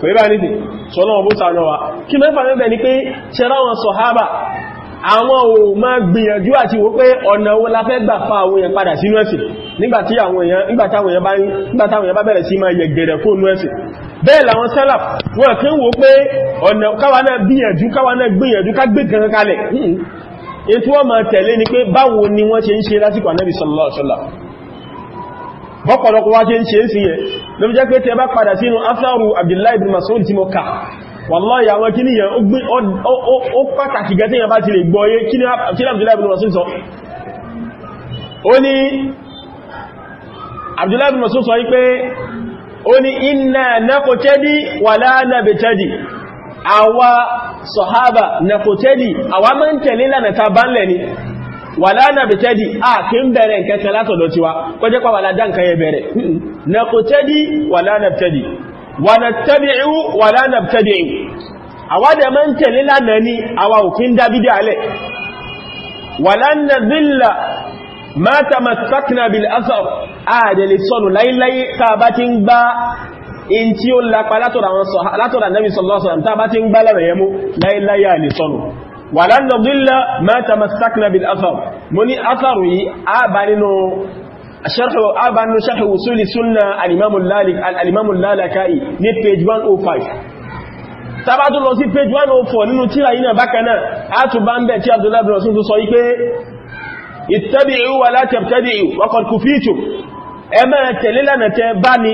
A: kò ibá nìdí sọ́lọ́wọ́ bó sàánà wa kí mẹ́fà mẹ́bẹ̀ ni pé ṣẹ́rá wọn sọ̀hábà àwọn ò máa gbìyànjú àti wò pé ọ̀nà wo la fẹ́ gbà fa àwọn èèyàn padà sínú ẹ̀sìn nígbàtí àwọn èèyàn bá bẹ̀rẹ̀ sí máa yẹ gẹ̀rẹ̀ fóònú ẹ̀sìn bẹ́ẹ̀ làwọn sẹ́là wọ́n kí ń wò pé ọ̀nà káwa náà gbìyànjú káwa náà gbìyànjú ká gbé kan kalẹ̀ hmm. ètò ọmọ tẹ̀lé ni pé báwo ni wọ́n ṣe ń ṣe lásìkò ànábì sallallahu alaihi wasallam bọ́pọ̀lọpọ̀ wá ṣe ń ṣe é sí yẹ ló fi jẹ́ pé tẹ bá padà sínú afẹ́rù Abdullahi ibn Mas'ud tí mo kà wàláyà àwọn kí níyàn ó pàtàkì gẹ́ tíyàn bá ti lè gbọ́yé kí ní Abdullahi ibn Mas'ud sọ ó ní Abdullahi ibn Mas'ud sọ wípé ó ní inna naqtadi wala nabtadi àwa sọ̀hábà naqtadi àwa mọ́ ń tẹ̀lé lánàta bá ń lẹ̀ ni wàlá nàbìtẹ́dì à kí ń bẹ̀rẹ̀ nkẹta látọ̀dọ̀ tiwa kọjẹ́ pa wàlá dánkà yẹ bẹ̀rẹ̀ hmm. nàkùtẹ́dì wàlá nàbìtẹ́dì wànàtẹ́bìíwú wàlá nàbìtẹ́dìíwú àwádẹ̀ mẹ́ ń tẹ̀lé lánàá ní àwa òfin dábídé alẹ́ wàlá nàbìlà mata masakna bil asar àdẹ̀lẹ̀ sọ́nù láíláí tàbá ti ń gbá in tí ó lápa látọ̀dà nabi sallallahu alaihi wasallam wàlá nàbílá mẹ́ta masakna bil afar mo ní afaru yìí a bá nínú ṣarhi wusuli sunna alimamun lalaka'i ní page 105 tàbátún lọ sí page 104 nínú tíra yìí na bákaná a tún bá ń bẹ̀ tí abdullahi bin rasul tó sọ wípé ittabi'u wa la tabtadi'u wa qad kufitum ẹ máa tẹ̀lé lánàá tẹ́ bá ní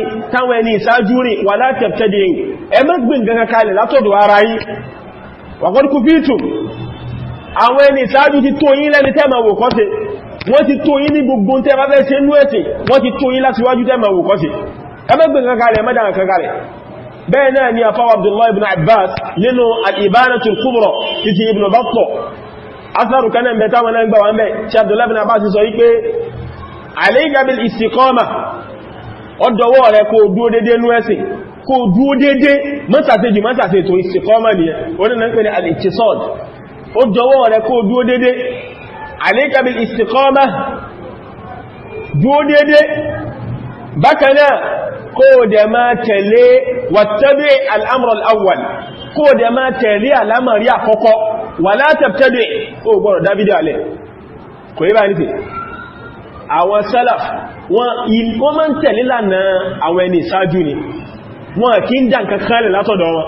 A: àwọn ẹni ìsáájú ti tó yín lẹ́ni tẹ́mà wò kọ́ sí wọ́n ti tó yín ní gbogbo tẹ́ bá fẹ́ ṣe nú ẹ̀sìn wọ́n ti tó yín láti wájú tẹ́mà wò kọ́ sí ẹgbẹ́gbẹ̀ kankalẹ̀ mẹ́dà kankalẹ̀ bẹ́ẹ̀ náà ni afọ́ Abdullahi ibn Abbas nínú al-Ibanatul Kubra títí Ibn Battah asaru kan náà mẹ́ta wọn gbà wọn bẹ́ tí Abdullahi ibn Abbas sọ wípé alayka bil istiqama ọdọwọ́ rẹ̀ kó ó jọwọ́ rẹ̀ kó dúó dédé alayka bil istiqama dúó dédé bákanáà kó dẹ̀ máa tẹ̀lé wattabi al-amr al-awwal kó dẹ̀ máa tẹ̀lé alámàrí àkọ́kọ́ wala tabtadi ó gbọ́rọ̀ dávidé alẹ́ kò rí bá ní àwọn salaf wọ́n máa ń tẹ̀lé lánàá àwọn ẹni ìsáájú ni wọ́n kí ń dá nǹkan kan látọ̀dọ̀ wọn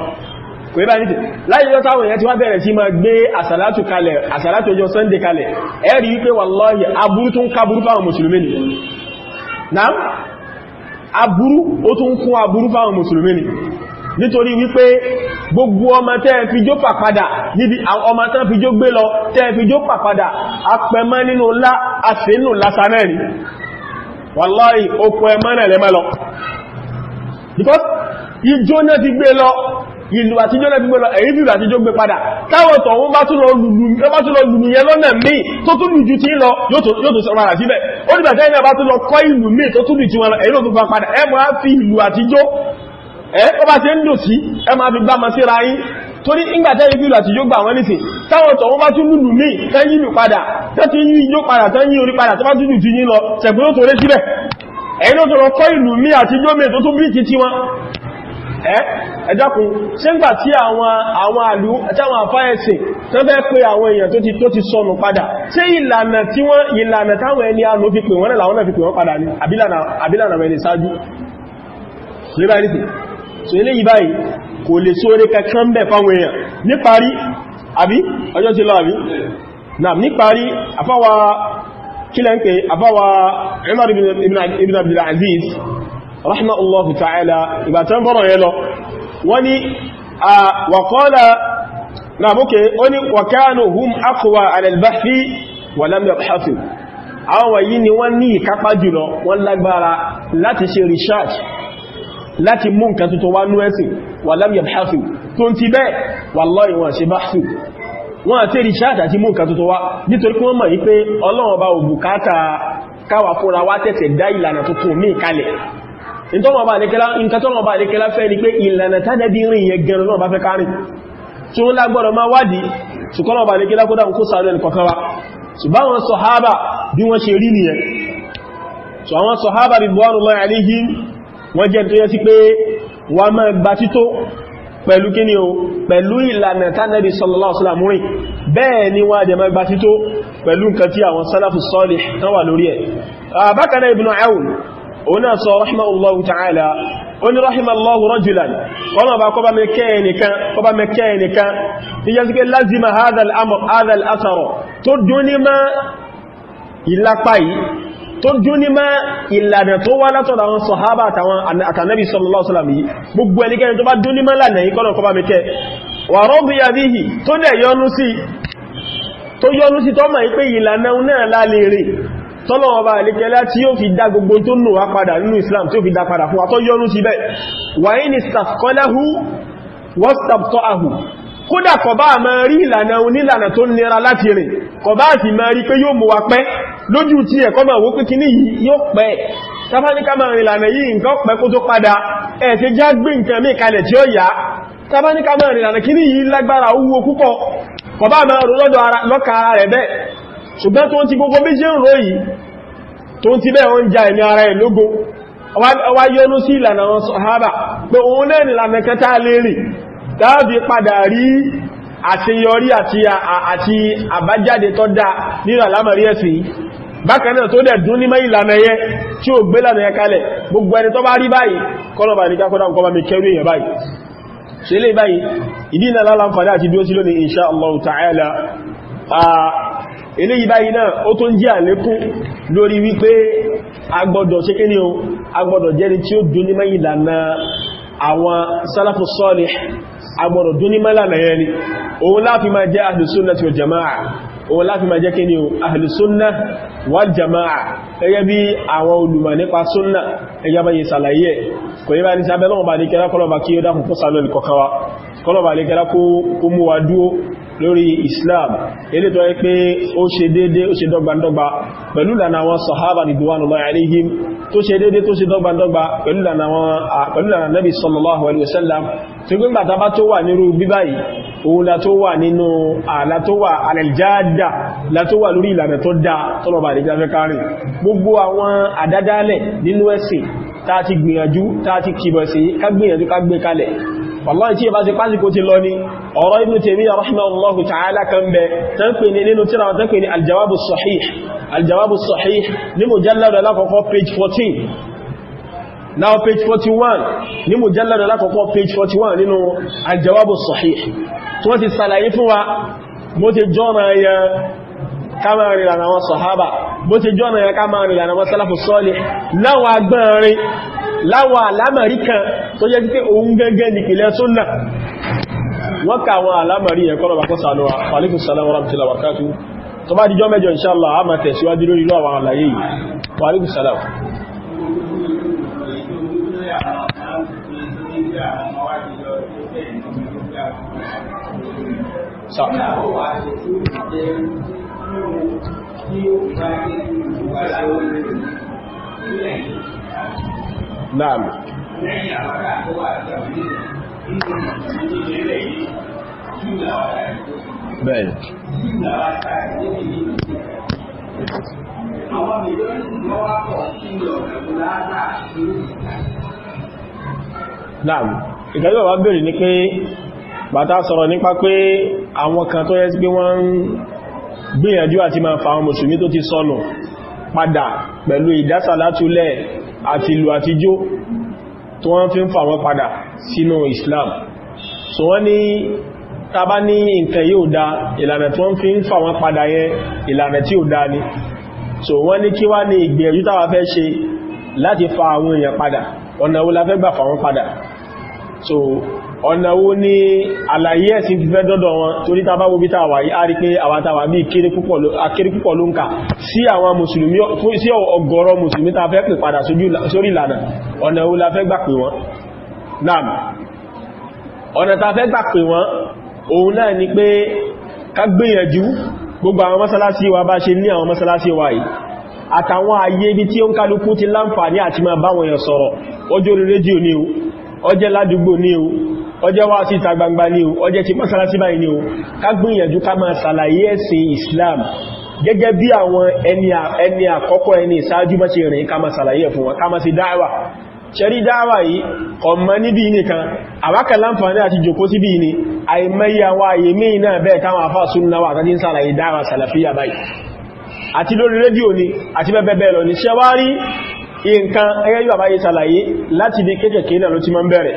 A: kò yíba nítì láyé yọ́ táwọn èèyàn ti wá bẹ̀rẹ̀ sí máa gbé àsàlátù kalẹ̀ àsàlátù ọjọ́ sunday kalẹ̀ ẹ̀rí wípé wallahi aburú tún káburú fáwọn mùsùlùmí ni náà aburú ó tún kún aburú fáwọn mùsùlùmí ni nítorí wípé gbogbo ọmọ tẹ́ fi jó pàpadà níbi ọmọ tán fi jó gbé lọ tẹ́ fi jó pàpadà apẹmọ́ nínú ńlá àṣínú lásánẹ́rin wallahi okùn ẹmọ́ náà lẹ́mọ́ lọ because ìjó náà ti gbé lọ ìlú àtijọ́ lẹ́bí gbọ́lọ ẹ̀yí ìlú àtijọ́ gbé padà káwọn tọ̀wọ́n bá tún lọ lùlù yẹn lọ́nà míì tó tún lù ju ti lọ yóò tó sọ̀rọ̀ àrà síbẹ̀ ó dìgbà tẹ́ ìrìnà bá tún lọ kọ́ ìlú míì tó tún lù ti wọn lọ ẹ̀yí ló tún fa padà ẹ máa fi ìlú àtijọ́ ẹ ó bá ti ń dò sí ẹ máa fi gbámọ síra yín torí ìgbà tẹ́ ìlú àtijọ́ gbà wọ́n nìsìn táwọn tọ̀wọ́n bá tún lùlù míì tẹ́ yí lù padà tẹ́ ti yí ijó padà tẹ́ yí orí padà tó bá tún lù ti yín lọ ṣẹ̀gbọ́n tó rẹ́ síbẹ̀ ẹ̀yí ló tọ̀rọ̀ kọ́ ìlú míì àtijọ́ míì tó tún bí ti tiwọn ẹ dákun ṣé ń gbà tí àwọn àwọn àlú àtàwọn àfáyẹsìn tó fẹ́ pé àwọn èèyàn tó ti tó ti sọnù padà ṣé ìlànà tí wọ́n ìlànà táwọn ẹni àánú fi pè wọ́n náà làwọn náà fi pè wọ́n padà ní àbílànà ẹni sáájú so eléyìí báyìí kò lè sóre kankan bẹ̀ fáwọn èèyàn níparí àbí ọjọ́ ti lọ àbí náà níparí àfáwà kílẹ̀ ń pè àfáwà Umar ibn Abdul Aziz rahimahullahu الله تعالى bọ́rọ̀ yẹ lọ وني ni a wàkọ́lá na múkè هم ní على hum ولم alẹ́lbáfí wà lámì ọ̀páfí àwọn wàyí ni wọ́n ní ìkápá jùlọ wọ́n lágbára láti ṣe research láti mú nǹkan tuntun wá nú ẹ̀sìn wà lámì ọ̀páfí tó ń ti bẹ́ẹ̀ wallahi wọ́n ṣe báfí wọ́n àti research àti mú nǹkan tuntun wá nítorí kí wọ́n mọ̀ wípé ọlọ́run bá òbùkátà káwà fúnra wá tẹ̀sẹ̀ dá ìlànà tuntun ní ìkalẹ̀ nǹkan tọ́nà ọba àdékẹ́lá fẹ́ ni pé ìlànà tánẹ́bí rìn yẹn gẹ̀rẹ̀ náà bá fẹ́ kárìn tí ó lágbọ́dọ̀ máa wádìí ṣùkọ́nà ọba àdékẹ́lá kó dáhùn kó sàárẹ̀ nìkọ̀kan wa ṣùgbọ́n sọ̀hábà bí wọ́n ṣe rí nìyẹn so àwọn sọ̀hábà ridwanullahi alayhim wọ́n jẹ́ tó yẹ sí pé wọ́n máa gba tító pẹ̀lú kíni o pẹ̀lú ìlànà tánàbí sallallahu alaihi wasallam bẹ́ẹ̀ ni wọ́n jẹ́ máa gba pẹ̀lú nǹkan tí àwọn sálàfù sọ́lì tán lórí ẹ̀ bákanáà ibn Aun ona sọ rahimahullahu ta'ala oni rahimallahu rajulan wọ́n bá kọba mẹ́kẹ́ ẹnìkan kọba mẹ́kẹ́ ẹnìkan ní yẹ́ sí pé lázima hadhal amr hadhal asaro tó dúní ma ìlapa yìí tó dúní ma ìlànà tó wá látọ̀dọ̀ àwọn sọ̀hábà àtànàbí sallallahu alaihi wasallam yìí gbogbo ẹnikẹ́ni tó bá dúní ma lànà yìí kọ́nà kọba mẹ́kẹ́ wà radiya bihi tó dẹ̀ yọnu sí tó yọnu sí tọ́mà ìpé ìlànà náà lálẹ́ rẹ̀ tọ́lọ̀wọ́ bá ìlékẹ́lá tí yóò fi dá gbogbo tó nù wá padà nínú Islam tí ó fi dá padà fún àtọ́ yọ́nú sí bẹ́ wàí ni stafkọ́láhú wọ́stàbtọ́ahù kódà kọ̀bá ma rí ìlànà onílànà nira láti rìn kọ̀bá sì ma rí pé yóò mú wa pẹ́ lójú tí ẹ̀kọ́ ma wó pé kí ní yóò pẹ́ tàbáníká ma rìn ìlànà yìí nǹkan pẹ́ kó tó padà ẹ̀ ṣe já gbé nǹkan mí kalẹ̀ tí lágbára owó púpọ̀ kọ̀bá ma rò lọ́dọ̀ lọ́ka ara rẹ̀ bẹ́ẹ̀ ṣùgbọ́n tó ti gbogbo méjì ń rò yìí tó ti bẹ́ wọ́n já ẹ̀mí ara ẹ̀ lógo ọwá yọnú sí ìlànà wọn sọ̀hábà pé òun náà ni lànà kẹta lérè dáàbí padà rí àṣeyọrí àti àbájáde tó dá nínú àlámọ̀rí ẹ̀sìn yìí bákan náà tó dẹ̀ dún ní mẹ́ ìlànà yẹ tí ó gbé lànà yẹ kalẹ̀ gbogbo ẹni tó bá rí báyìí kọ́lọ̀bà ní kákọ́dá nǹkan bá mi kẹrù èèyàn báyìí ṣe lè báyìí ìdí ìlànà láǹfàdá àti dúó sí lónìí inṣá Allah ta'ala eléyìí báyìí náà ó tó ń jẹ́ àlékún lórí wípé agbọ́dọ̀ ṣe kíní o agbọ́dọ̀ jẹ́ni tí ó dúní mẹ́yìn lànà àwọn sálàfù sọ́ọ̀lẹ̀ agbọ́dọ̀ dúní mẹ́lànà yẹn ni òun láàfin máa jẹ́ ahlùsúnnah wal jama'a òun láàfin máa o ahlùsúnnah wal jama'a gẹ́gẹ́ bí àwọn olùmọ̀ nípa súnnà ẹgbẹ́ bá yẹ sàlàyé kò yẹ bá ní sábẹ́ lọ́wọ́ bá ní kẹ́lá kọlọ̀bà kí ó dákùn fún sàlọ́lì kọkawa lórí islam ilé tó yẹ pé ó ṣe dédé ó ṣe dọ́gbandọ́gba pẹ̀lú lànà àwọn sahaba ridwanullahi alaihim tó ṣe dédé tó ṣe dọ́gbandọ́gba pẹ̀lú lànà nabi sallallahu alaihi wasallam tí gbígbà ta bá tó wà nírú bíbáyì òun la tó wà nínú àlà tó wà alẹ́jáàdà la tó wà lórí ìlànà tó dáa tọ́lọ̀bà lè jáfẹ́ kárìn wallahi tí bá ṣe pásíkò ti lọ ní ọ̀rọ̀ Ibn Taymiyyah rahimahullahu ta'ala kan bẹ tán pè ní nínú tíra tán pè ní aljawabu sahih aljawabu sahih ní mujallad alákọ̀ọ́kọ́ page 14 now page 41 ní mujallad alákọ̀ọ́kọ́ page 41 nínú aljawabu sahih tó ti sàlàyé fún wa mo ti jọ́nà ya kamari lana wọn sahaba bó ti jọ́nà ya kamari lana salafu salih láwọn agbọ́nrin láwọn àlámàrí kan tó jẹ́ sí pé òun gẹ́gẹ́ ní ìpìlẹ̀ súnnà wọ́n ká àwọn àlámàrí ẹ̀kọ́ lọ́wọ́ kọ́sà lọ́wọ́ alaikum salam warahmatullahi wabarakatuh tó bá dijọ́ mẹ́jọ inshallah a máa tẹ̀síwájú lórí
B: Thank you.
A: Naam. Bẹ́ẹ̀ni.
B: Àwọn mìíràn ń lọ wá pọ̀ sí ọ̀rẹ́ ìlànà àti
A: Naam. Ìdájọ́ wa bèèrè ní pé bàtà sọ̀rọ̀ nípa pé àwọn kan tó yẹ sí pé wọ́n ń gbìyànjú àti máa fa àwọn mùsùlùmí tó ti sọnù padà pẹ̀lú ìdásà látúlẹ̀ àti ìlú àtijó tó wọ́n fi ń fà wọ́n padà sínú Islam so wọ́n ní tàbá ní nǹkan yóò dá ìlànà tí wọ́n fi ń fà wọ́n padà yẹn ìlànà tí ò dá ni so wọ́n ní kí wá ní ìgbìyànjú táwa fẹ́ ṣe láti fa àwọn èèyàn padà ọ̀nà wo la fẹ́ gbà fà wọ́n padà so ọ̀nà wo ni àlàyé ẹ̀sìn ti fẹ́ dọ́dọ̀ wọn torí ta bá wobí tàwà yí a rí pé àwọn tàwà bí akéré púpọ̀ ló ń kà sí àwọn mùsùlùmí sí ọ̀gọ̀rọ̀ mùsùlùmí ta fẹ́ pè padà sórí ìlànà ọ̀nà wo la fẹ́ gbà pè wọ́n naam ọ̀nà ta fẹ́ gbà pè wọ́n òun náà ni pé ká gbìyànjú gbogbo àwọn mọ́sálásí wa bá ṣe ní àwọn mọ́sálásí wa yìí àtàwọn ayé ibi tí ó ń kálukú ti láǹfààní àti máa báwọn èèyàn sọ̀rọ̀ ọjọ́ orí rédíò ní o ọjẹ́ ládùúgbò ní o ọjẹ́ wá sí ìta gbangba ní o ọjẹ́ ti mọ́sálásí báyìí ní o ká gbìyànjú ká máa sàlàyé ẹ̀sìn Islam gẹ́gẹ́ bí àwọn ẹni àkọ́kọ́ ẹni ìsáájú bá ṣe rìn ká máa sàlàyé ẹ̀ fún wọn ká máa sí dáwà ṣẹ̀rí dáwà yìí ọmọ níbi nìkan àwákà láǹfààní àti jòkó sí bí ní àìmẹ́yí àwọn àyè míì náà bẹ́ẹ̀ táwọn àfáà súnnà wà tàbí ń sàlàyé dáwà sàlàfíyà báyìí àti lórí rédíò ni àti bẹ́ẹ̀bẹ́ẹ̀ lọ ní ṣẹwárí nǹkan ẹgẹ́ yóò àbáyé sàlàyé láti bí kéèkèé ló ti máa ń bẹ̀rẹ̀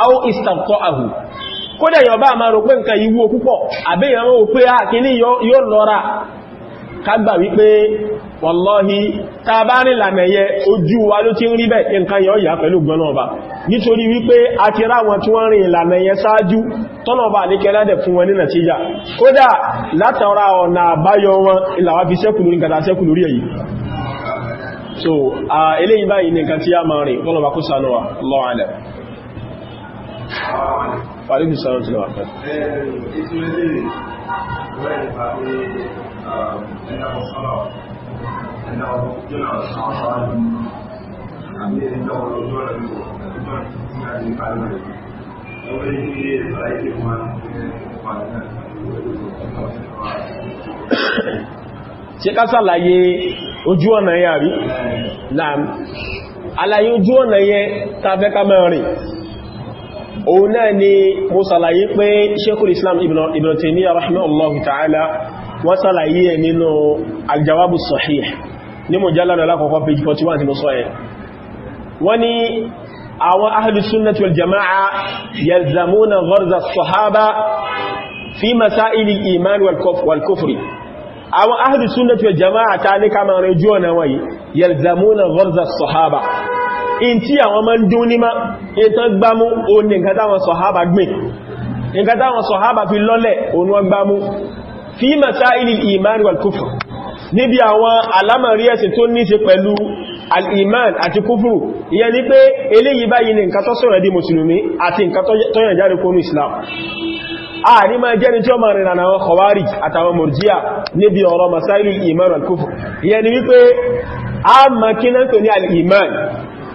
A: au istanqa'ahu kódà èyàn bá máa rò pé nǹkan yìí wúwo púpọ̀ àbẹ́yàn rò pé àkíní ah, yóò lọ́ra kágbà wípé wàláhí ta nri ojú wa ló ti ń rí bẹ́ẹ̀ nǹkan yọ ìyá pẹ̀lú ọba nítorí wípé a ti ráwọn tí nri rìn làmẹ̀yẹ sáájú tọ́nàọba àníkẹ́ ládẹ̀ fún wọn ní nàtíjà Fàríkì sọ́rọ̀ tí wà fẹ́. Ṣé ká sàlàyé ojú ọ̀nà yà rí? Láàmì. Àlàyé ojú ọ̀nà yẹn tàbẹ́ká mẹ́rin òun náà ni mo sàlàyé pé Sheikhul Islam Ibn Taymiyyah rahimahullahu ta'ala wọ́n sàlàyé ẹ̀ nínú al-Jawabu Sahih ní mujallad alákọ̀ọ́kọ́ page 41 tí mo sọ ẹ̀ wọ́n ni àwọn ahlu sunnah wal jama'a yalzamuna gharza as-sahaba fi masail al-iman wal àwọn ahlu jama'a ta ní kama rẹ̀ jù ọ̀nà wáyé yalzamuna gharza as-sahaba in tí àwọn ma ń dún ní má in tán gbámú o ní nǹkan táwọn sọ̀hábà gbìn nǹkan táwọn sọ̀hábà fi lọ́lẹ̀ òun wọ́n gbámú fi masáìlì ìmáni wal kúfù níbi àwọn alámàrí ẹ̀sìn tó ní ṣe pẹ̀lú al-iman àti di mùsùlùmí àti nǹkan tó yàn islam ààrí máa jẹ́ni tí ó máa rìnrìn àwọn kọwàrí àtàwọn mọ̀rjíà níbi ọ̀rọ̀ masáìlì ìmáni wal kúfù a máa kí náà tó ní al-iman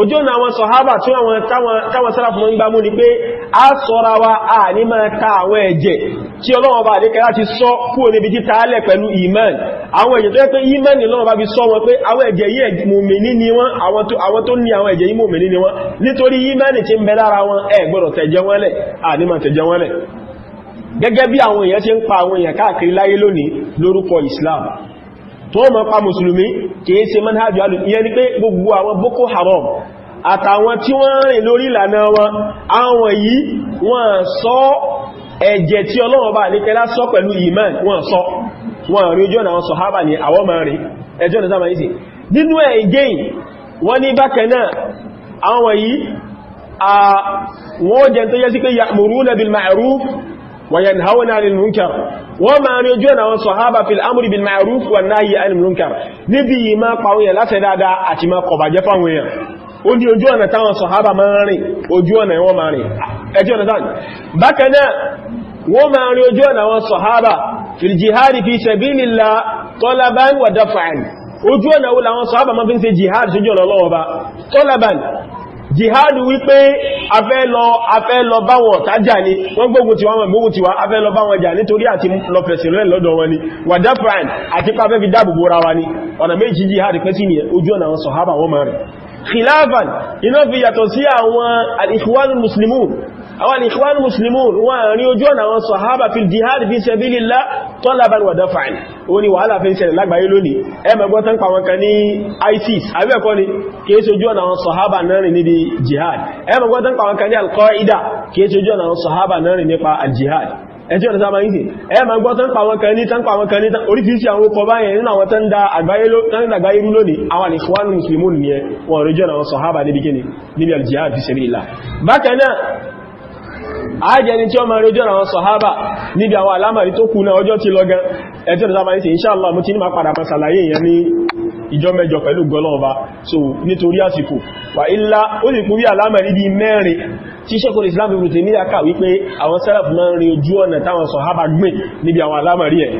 A: ojú ọ̀nà àwọn sọ̀hábà tí wọ́n táwọn sáràfù mọ́ ń gbámú ni pé a sọ́ra wa a ní máa ta àwọn ẹ̀jẹ̀ tí Ọlọ́run bá àdékẹ́ láti sọ kúrò níbi títà alẹ̀ pẹ̀lú iman àwọn ẹ̀jẹ̀ tó yẹ pé iman ni Ọlọ́run bá fi sọ wọn pé àwọn ẹ̀jẹ̀ yìí mùmìnì ni wọ́n àwọn tó ní ni wọ́n nítorí iman ti ń bẹ lára wọn ẹ gbọ́dọ̀ tẹ̀jẹ̀ wọn gẹ́gẹ́ bí àwọn èèyàn ti ń pa àwọn èèyàn káàkiri láyé lónìí lórúkọ Islam tó mọ́ pa mùsùlùmí kìí ṣe manhajjú alù ìyẹn ni pé gbogbo àwọn boko haram àtàwọn tí wọ́n rìn lórí ìlànà wọn àwọn yìí wọ́n sọ ẹ̀jẹ̀ tí Ọlọ́run bá ní kẹlá sọ pẹ̀lú iman wọ́n sọ wọ́n rí ojú ọ̀nà àwọn sọ̀hábà ní àwọn ọmọ rẹ̀ ẹjọ́ ní وينهون عن المنكر وما نجون والصحابة في الأمر بالمعروف والنهي عن المنكر نبي ما قوية لا سدادا أتما قبا جفاوية ojú ojú ọ̀nà táwọn sọ̀hábà máa rìn ojú ọ̀nà ìwọ́n máa rìn ẹjọ́ ọ̀nà táwọn bákanáà wọ́n máa rìn ojú ọ̀nà wọn sọ̀hábà fil jihadi fi sabilillah talaban wa daf'an ojú ọ̀nà wọ́n láwọn sọ̀hábà máa fi ń ṣe jihadi sójú ọ̀nà lọ́wọ́ ba talaban jihad wípé afẹ́ lọ afẹ́ lọ báwọn tàjà ni wọ́n gbógun ti wọ́n wọ́n gbógun ti wá afẹ́ lọ báwọn jà nítorí àti lọ fẹ̀sẹ̀ rẹ̀ lọ́dọ̀ wọn ni wà dáfàán àti pàfẹ́ fi dáàbò bóra wa ni ọ̀nà méjì jihad pẹ́ sí ni ojú ọ̀nà àwọn sọ̀hábà wọ́n máa rẹ̀ khilafan iná fi yàtọ̀ sí àwọn al-ikhwanul muslimun àwọn ikhwan muslimun wọ́n rí ojú ọ̀nà àwọn sahaba fil jihad fi sabilillah talaban wa daf'an ó ní wàhálà fẹ́ ìṣẹ̀lẹ̀ lágbàáyé lónìí ẹ máa gbọ́ tán pa wọn kan ní ISIS àbẹ́ẹ̀kọ́ ni kìí ṣe ojú ọ̀nà àwọn sahaba náà rìn níbi jihad ẹ máa gbọ́ tán pa wọn kan ní al-Qaida kìí ṣe ojú ọ̀nà àwọn sahaba náà rìn nípa al-jihad ẹjọ́ ọ̀nà sáàmà ìsìn ẹ ma gbọ́ tán pàwọn kan ní tán pàwọn kan ní tán àwọn ọkọ̀ báyẹ̀ nínú àwọn tán dá àgbáyé rú lónìí àwọn Ikhwanul Muslimun ní ẹ rí jọ́nà àwọn sọ̀hábà níbi kíni níbi al fi sabilillah ajẹni tí ó máa rí ojú ọ̀nà àwọn sọ̀hábà níbi àwọn alámàrí tó kú náà ọjọ́ ti lọ gan ẹjọ́ ìjọba ní sí inṣáàlá mú tí ní máa padà máa sàlàyé ìyẹn ní ìjọ mẹ́jọ pẹ̀lú gọlọ́ọ̀bá so nítorí àsìkò wà ilá ó lè kúrí alámàrí bí mẹ́rin tí sẹ́kùn Islam ibùn tèmí àkà wípé àwọn sẹ́lẹ̀fù máa ń rí ojú ọ̀nà táwọn sọ̀hábà gbìn níbi àwọn alámàrí ẹ̀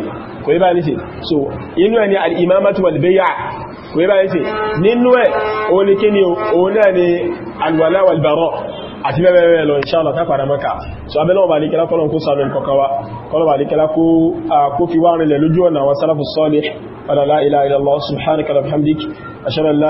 A: kò yí bá ní so inú ẹ̀ ni al-imamatu wal kò yí bá ní nínú ẹ̀ òun ni kí ni òun náà ni al-wala àti bẹ́ẹ̀bẹ́ẹ̀ lọ inshallah tápàdà mọ́ka so abẹ́lọ́wọ́ bá líkẹ́lá kọ́lọ̀ kó sàmì kọkawa kọ́lọ̀ bá líkẹ́lá kó fi wá rìnlẹ̀ lójú ọ̀nà àwọn sálàfù sọ́lẹ̀ wala la ilaha illallah subhanaka wa bihamdik ashhadu